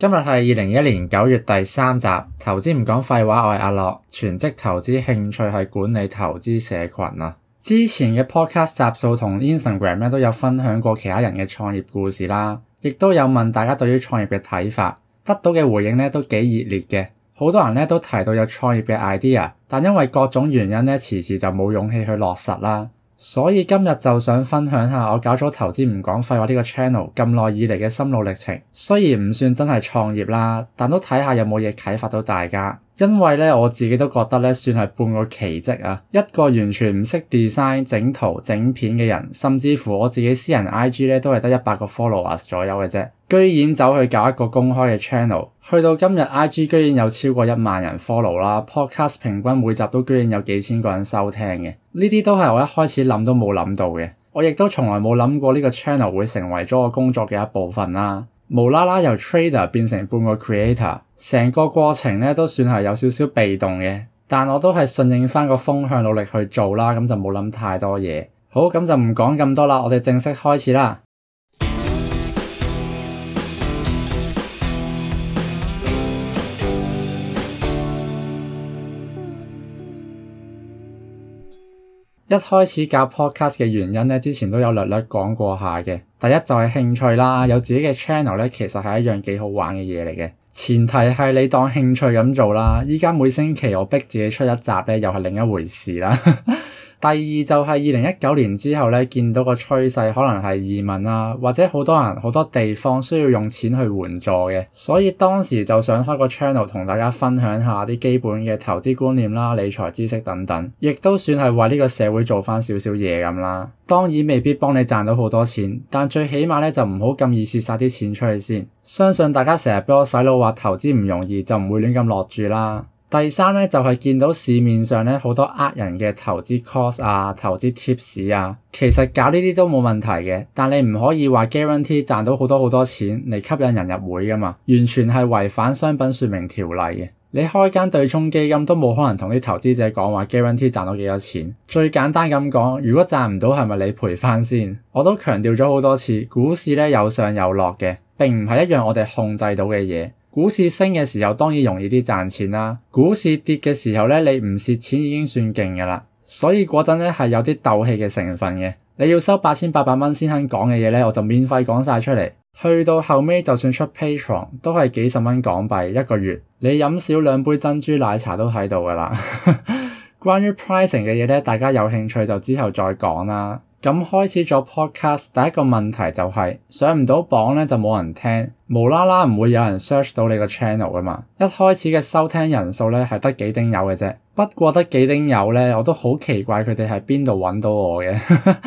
今日係二零二一年九月第三集，投資唔講廢話，我係阿樂，全職投資興趣係管理投資社群啊。之前嘅 podcast 集數同 Instagram 咧都有分享過其他人嘅創業故事啦，亦都有問大家對於創業嘅睇法，得到嘅回應咧都幾熱烈嘅，好多人咧都提到有創業嘅 idea，但因為各種原因咧，遲遲就冇勇氣去落實啦。所以今日就想分享下我搞咗投資唔講廢話呢個 channel 咁耐以嚟嘅心路歷程，雖然唔算真係創業啦，但都睇下有冇嘢啟發到大家。因為咧，我自己都覺得咧，算係半個奇蹟啊！一個完全唔識 design 整圖整片嘅人，甚至乎我自己私人 IG 咧都係得一百個 followers 左右嘅啫，居然走去搞一個公開嘅 channel，去到今日 IG 居然有超過一萬人 follow 啦，podcast 平均每集都居然有幾千個人收聽嘅，呢啲都係我一開始諗都冇諗到嘅，我亦都從來冇諗過呢個 channel 會成為咗我工作嘅一部分啦。無啦啦由 trader 變成半個 creator，成個過程呢，都算係有少少被動嘅，但我都係順應翻個風向努力去做啦，咁就冇諗太多嘢。好，咁就唔講咁多啦，我哋正式開始啦。一開始搞 podcast 嘅原因咧，之前都有略略講過下嘅。第一就係興趣啦，有自己嘅 channel 咧，其實係一樣幾好玩嘅嘢嚟嘅。前提係你當興趣咁做啦。依家每星期我逼自己出一集咧，又係另一回事啦。 第二就係二零一九年之後咧，見到個趨勢可能係移民啊，或者好多人好多地方需要用錢去援助嘅，所以當時就想開個 channel 同大家分享下啲基本嘅投資觀念啦、理財知識等等，亦都算係為呢個社會做翻少少嘢咁啦。當然未必幫你賺到好多錢，但最起碼咧就唔好咁易蝕晒啲錢出去先。相信大家成日俾我洗腦話投資唔容易，就唔會亂咁落注啦。第三呢，就係見到市面上呢好多呃人嘅投資 course 啊、投資 tips 啊，其實搞呢啲都冇問題嘅，但你唔可以話 guarantee 賺到好多好多錢嚟吸引人入會噶嘛，完全係違反商品説明條例嘅。你開間對沖基金都冇可能同啲投資者講話 guarantee 賺到幾多錢。最簡單咁講，如果賺唔到係咪你賠翻先？我都強調咗好多次，股市呢有上有落嘅，並唔係一樣我哋控制到嘅嘢。股市升嘅時候當然容易啲賺錢啦，股市跌嘅時候咧，你唔蝕錢已經算勁噶啦，所以嗰陣咧係有啲鬥氣嘅成分嘅。你要收八千八百蚊先肯講嘅嘢咧，我就免費講晒出嚟。去到後尾就算出 Patreon 都係幾十蚊港幣一個月，你飲少兩杯珍珠奶茶都喺度噶啦。 關於 pricing 嘅嘢咧，大家有興趣就之後再講啦。咁開始做 podcast，第一個問題就係、是、上唔到榜咧，就冇人聽，無啦啦唔會有人 search 到你個 channel 噶嘛。一開始嘅收聽人數咧，係得幾丁友嘅啫。不過得幾丁友咧，我都好奇怪佢哋喺邊度揾到我嘅。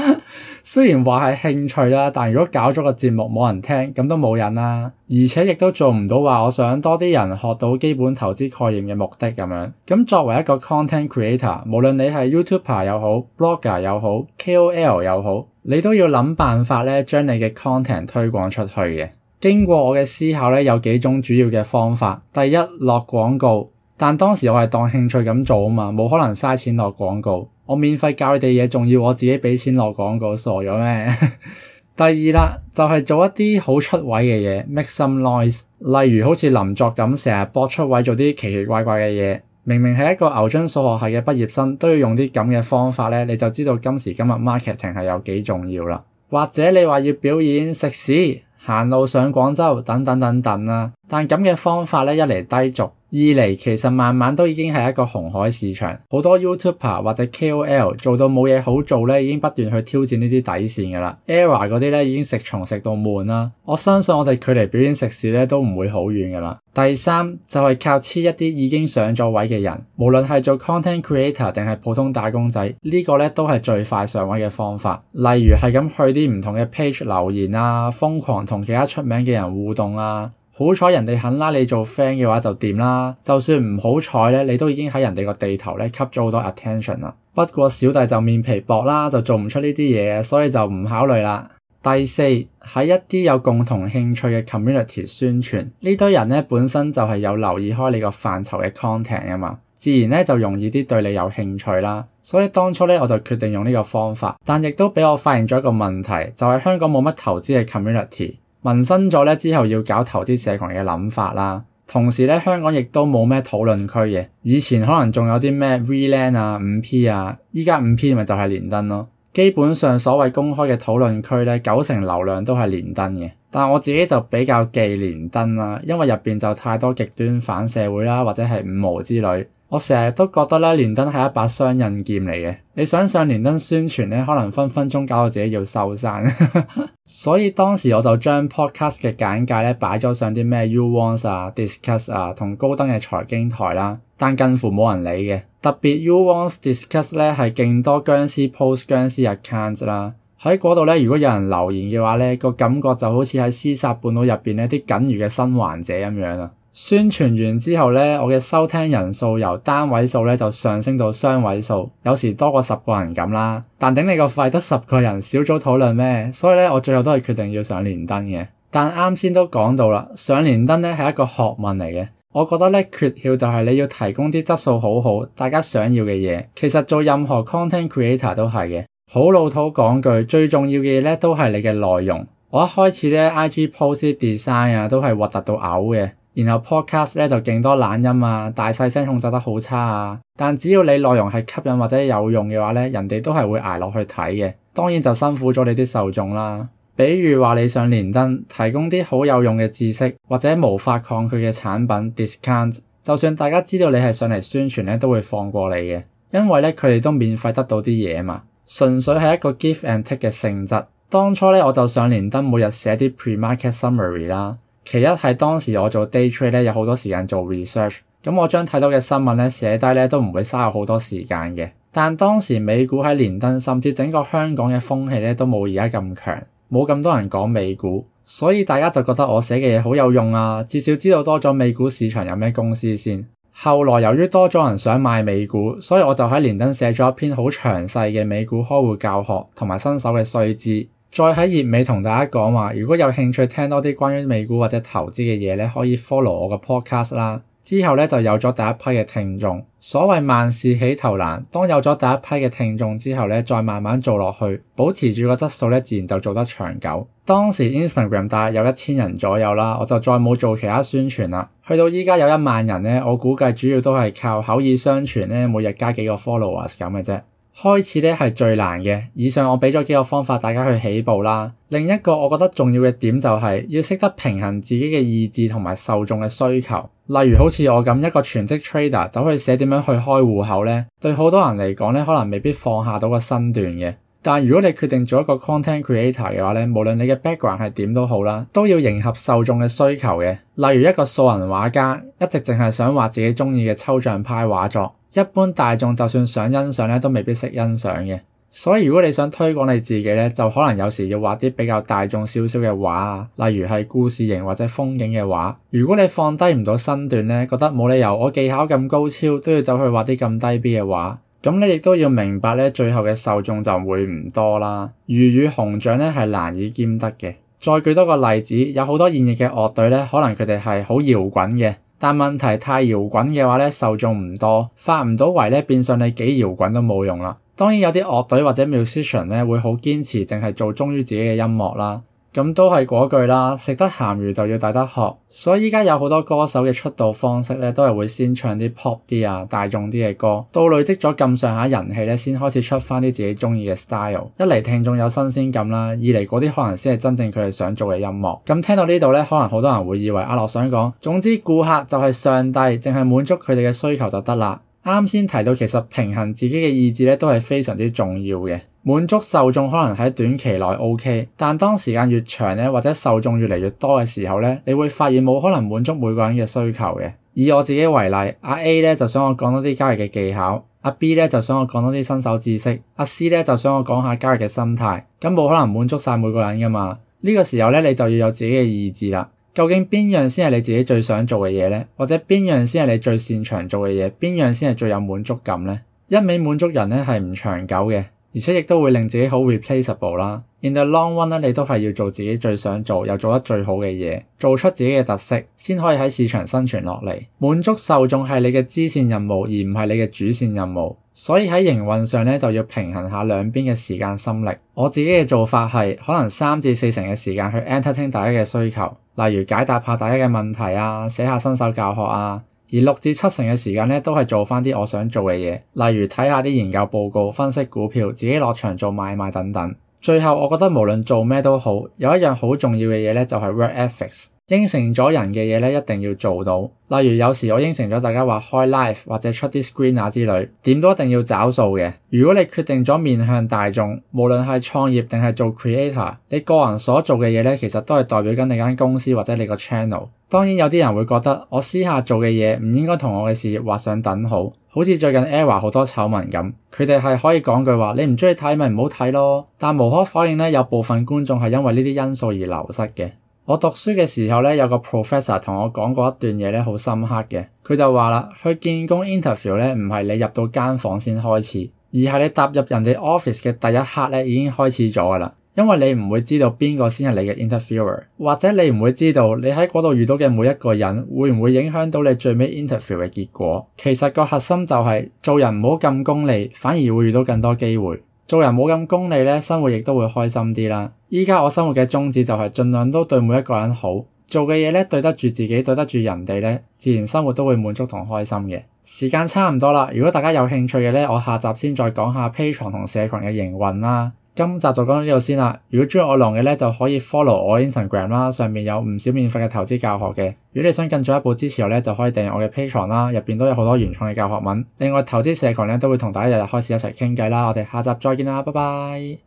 雖然話係興趣啦，但如果搞咗個節目冇人聽，咁都冇癮啦。而且亦都做唔到話，我想多啲人學到基本投資概念嘅目的咁樣。咁作為一個 content creator，無論你係 YouTuber 又好，blogger 又好，KOL 又好，你都要諗辦法咧，將你嘅 content 推廣出去嘅。經過我嘅思考咧，有幾種主要嘅方法。第一，落廣告。但當時我係當興趣咁做啊嘛，冇可能嘥錢落廣告。我免費教你哋嘢，仲要我自己畀錢落廣告，傻咗咩？ 第二啦，就係做一啲好出位嘅嘢，make some noise。例如好似林作咁，成日搏出位做啲奇奇怪怪嘅嘢。明明係一個牛津數學系嘅畢業生，都要用啲咁嘅方法咧，你就知道今時今日 marketing 係有幾重要啦。或者你話要表演食屎、行路上廣州等等等等啊！但咁嘅方法咧，一嚟低俗，二嚟其實慢慢都已經係一個紅海市場，好多 YouTuber 或者 KOL 做到冇嘢好做咧，已經不斷去挑戰呢啲底線噶啦。Era 嗰啲咧已經食蟲食到悶啦。我相信我哋距離表演食肆咧都唔會好遠噶啦。第三就係、是、靠黐一啲已經上咗位嘅人，無論係做 content creator 定係普通打工仔，呢、這個咧都係最快上位嘅方法。例如係咁去啲唔同嘅 page 留言啊，瘋狂同其他出名嘅人互動啊。好彩人哋肯拉你做 friend 嘅話就掂啦，就算唔好彩咧，你都已經喺人哋個地頭咧吸咗好多 attention 啦。不過小弟就面皮薄啦，就做唔出呢啲嘢，所以就唔考慮啦。第四，喺一啲有共同興趣嘅 community 宣傳，呢堆人咧本身就係有留意開你個範疇嘅 content 啊嘛，自然咧就容易啲對你有興趣啦。所以當初咧我就決定用呢個方法，但亦都俾我發現咗一個問題，就係香港冇乜投資嘅 community。萌生咗咧之後要搞投資社群嘅諗法啦，同時咧香港亦都冇咩討論區嘅，以前可能仲有啲咩 VLAN 啊、五 P 啊，而家五 P 咪就係連登咯。基本上所謂公開嘅討論區咧，九成流量都係連登嘅，但係我自己就比較忌連登啦、啊，因為入邊就太多極端反社會啦，或者係五毛之類。我成日都覺得咧，連登係一把雙刃劍嚟嘅。你想上連登宣傳咧，可能分分鐘搞到自己要收山， 所以當時我就將 podcast 嘅簡介咧擺咗上啲咩 Uwants 啊、Discuss 啊同高登嘅財經台啦，但近乎冇人理嘅。特別 Uwants Discuss 咧係勁多僵屍 post、僵屍 account 啦。喺嗰度咧，如果有人留言嘅話咧，個感覺就好似喺屍殺半島入邊咧啲僅餘嘅生還者咁樣啊。宣傳完之後咧，我嘅收聽人數由單位數咧就上升到雙位數，有時多過十個人咁啦。但頂你個肺得十個人小組討論咩？所以咧，我最後都係決定要上連登嘅。但啱先都講到啦，上連登咧係一個學問嚟嘅。我覺得咧，訣竅就係你要提供啲質素好好、大家想要嘅嘢。其實做任何 content creator 都係嘅，好老土講句，最重要嘅嘢咧都係你嘅內容。我一開始咧 IG post design 啊都係核突到嘔嘅。然後 Podcast 咧就勁多懶音啊，大細聲控制得好差啊。但只要你內容係吸引或者有用嘅話咧，人哋都係會捱落去睇嘅。當然就辛苦咗你啲受眾啦。比如話你上連登，提供啲好有用嘅知識或者無法抗拒嘅產品 discount，就算大家知道你係上嚟宣傳咧，都會放過你嘅，因為咧佢哋都免費得到啲嘢嘛。純粹係一個 give and take 嘅性質。當初咧我就上連登每日寫啲 premarket summary 啦。其一係當時我做 day trade 咧，有好多時間做 research，咁我將睇到嘅新聞咧寫低咧都唔會嘥咗好多時間嘅。但當時美股喺連登，甚至整個香港嘅風氣咧都冇而家咁強，冇咁多人講美股，所以大家就覺得我寫嘅嘢好有用啊，至少知道多咗美股市場有咩公司先。後來由於多咗人想買美股，所以我就喺連登寫咗一篇好詳細嘅美股開戶教學同埋新手嘅須知。再喺熱尾同大家講話，如果有興趣聽多啲關於美股或者投資嘅嘢咧，可以 follow 我嘅 podcast 啦。之後咧就有咗第一批嘅聽眾。所謂萬事起頭難，當有咗第一批嘅聽眾之後咧，再慢慢做落去，保持住個質素咧，自然就做得長久。當時 Instagram 大約有一千人左右啦，我就再冇做其他宣傳啦。去到依家有一萬人咧，我估計主要都係靠口耳相傳咧，每日加幾個 followers 咁嘅啫。開始呢係最難嘅。以上我俾咗幾個方法，大家去起步啦。另一個我覺得重要嘅點就係要識得平衡自己嘅意志同埋受眾嘅需求。例如好似我咁一個全職 trader 走去寫點樣去開戶口呢，對好多人嚟講呢，可能未必放下到個身段嘅。但如果你決定做一個 content creator 嘅話呢，無論你嘅 background 係點都好啦，都要迎合受眾嘅需求嘅。例如一個素人畫家，一直淨係想畫自己中意嘅抽象派畫作。一般大眾就算想欣賞咧，都未必識欣賞嘅。所以如果你想推廣你自己咧，就可能有時要畫啲比較大眾少少嘅畫啊，例如係故事型或者風景嘅畫。如果你放低唔到身段咧，覺得冇理由我技巧咁高超都要走去畫啲咁低 B 嘅畫，咁你亦都要明白咧，最後嘅受眾就會唔多啦。魚與熊掌咧係難以兼得嘅。再舉多個例子，有好多現役嘅樂隊咧，可能佢哋係好搖滾嘅。但問題太搖滾嘅話呢，受眾唔多，發唔到圍呢，變相你幾搖滾都冇用啦。當然有啲樂隊或者 musician 呢，會好堅持，淨係做忠於自己嘅音樂啦。咁都係嗰句啦，食得鹹魚就要抵得渴，所以依家有好多歌手嘅出道方式咧，都係會先唱啲 pop 啲啊、大眾啲嘅歌，到累積咗咁上下人氣咧，先開始出返啲自己鍾意嘅 style。一嚟聽眾有新鮮感啦，二嚟嗰啲可能先係真正佢哋想做嘅音樂。咁聽到這裡呢度咧，可能好多人會以為阿樂、啊、想講，總之顧客就係上帝，淨係滿足佢哋嘅需求就得啦。啱先提到，其實平衡自己嘅意志咧都係非常之重要嘅。滿足受眾可能喺短期內 OK，但當時間越長咧，或者受眾越嚟越多嘅時候咧，你會發現冇可能滿足每個人嘅需求嘅。以我自己為例，阿 A 咧就想我講多啲交易嘅技巧，阿 B 咧就想我講多啲新手知識，阿 C 咧就想我講下交易嘅心態，咁冇可能滿足晒每個人噶嘛。呢個時候咧，你就要有自己嘅意志啦。究竟邊樣先係你自己最想做嘅嘢呢？或者邊樣先係你最擅長做嘅嘢？邊樣先係最有滿足感呢？一味滿足人咧係唔長久嘅，而且亦都會令自己好 replaceable 啦。In the long run 咧，你都係要做自己最想做又做得最好嘅嘢，做出自己嘅特色，先可以喺市場生存落嚟。滿足受眾係你嘅支線任務，而唔係你嘅主線任務，所以喺營運上咧就要平衡下兩邊嘅時間心力。我自己嘅做法係可能三至四成嘅時間去 entertain 大家嘅需求。例如解答下大家嘅問題啊，寫下新手教學啊，而六至七成嘅時間咧都係做翻啲我想做嘅嘢，例如睇下啲研究報告、分析股票、自己落場做買賣等等。最後，我覺得無論做咩都好，有一樣好重要嘅嘢咧，就係 work ethics。應承咗人嘅嘢咧，一定要做到。例如有時我應承咗大家話開 live 或者出啲 screen 啊之類，點都一定要找數嘅。如果你決定咗面向大眾，無論係創業定係做 creator，你個人所做嘅嘢咧，其實都係代表緊你間公司或者你個 channel。當然有啲人會覺得，我私下做嘅嘢唔應該同我嘅事業畫上等號，好似最近 ERROR 好多醜聞咁，佢哋係可以講句話，你唔中意睇咪唔好睇咯。但無可否認咧，有部分觀眾係因為呢啲因素而流失嘅。我讀書嘅時候咧，有個 professor 同我講過一段嘢咧，好深刻嘅。佢就話啦，去見工 interview 咧，唔係你入到間房先開始，而係你踏入人哋 office 嘅第一刻咧，已經開始咗噶啦。因為你唔會知道邊個先係你嘅 interviewer，或者你唔會知道你喺嗰度遇到嘅每一個人會唔會影響到你最尾 interview 嘅結果。其實個核心就係、是、做人唔好咁功利，反而會遇到更多機會。做人冇咁功利咧，生活亦都會開心啲啦。而家我生活嘅宗旨就係盡量都對每一個人好，做嘅嘢咧對得住自己，對得住人哋咧，自然生活都會滿足同開心嘅。時間差唔多啦，如果大家有興趣嘅咧，我下集先再講下 Patreon 同社群嘅營運啦。今集就講到呢度先啦。如果鍾意我浪嘅咧，就可以 follow 我 Instagram 啦，上面有唔少免費嘅投資教學嘅。如果你想更進一步支持我咧，就可以訂閱我嘅 Patreon 啦，入邊都有好多原創嘅教學文。另外，投資社群咧都會同大家日日開始一齊傾偈啦。我哋下集再見啦，拜拜。